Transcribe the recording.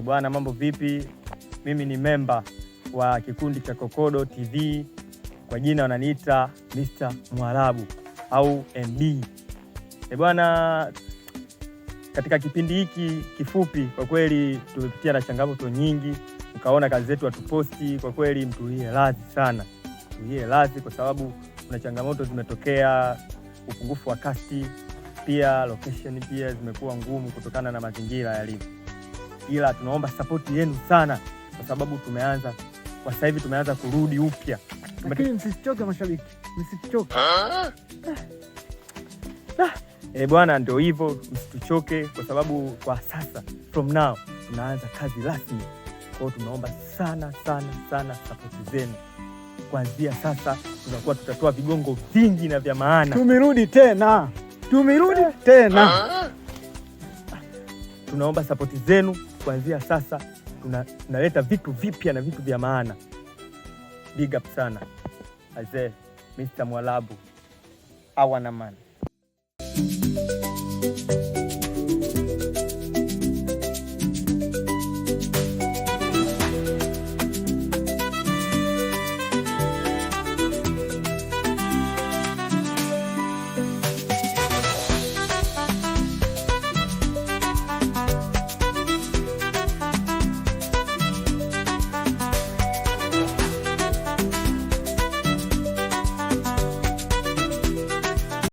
E bwana, mambo vipi? Mimi ni memba wa kikundi cha Kokodo TV, kwa jina wananiita Mr. Mwarabu au MB. E eh, bwana, katika kipindi hiki kifupi, kwa kweli tumepitia na changamoto nyingi, ukaona kazi zetu hatuposti. Kwa kweli mtulie radhi sana, mtulie radhi kwa sababu kuna changamoto zimetokea, upungufu wa kasti, pia location pia zimekuwa ngumu kutokana na mazingira yalivyo ila tunaomba sapoti yenu sana, kwa sababu tumeanza kwa sasa hivi tumeanza kurudi upya. Lakini msichoke mashabiki, msichoke ah. ah. eh bwana, ndio hivyo, msituchoke kwa sababu kwa sasa from now tunaanza kazi rasmi. Kwa hiyo tunaomba sana sana sana sapoti zenu. Kuanzia sasa tunakuwa tutatoa vigongo vingi na vya maana. Tumerudi tena, tumerudi tena tunaomba sapoti zenu kuanzia sasa. Tunaleta vitu vipya na vitu vya maana. Big up sana azee, Mr. Mwalabu awanaman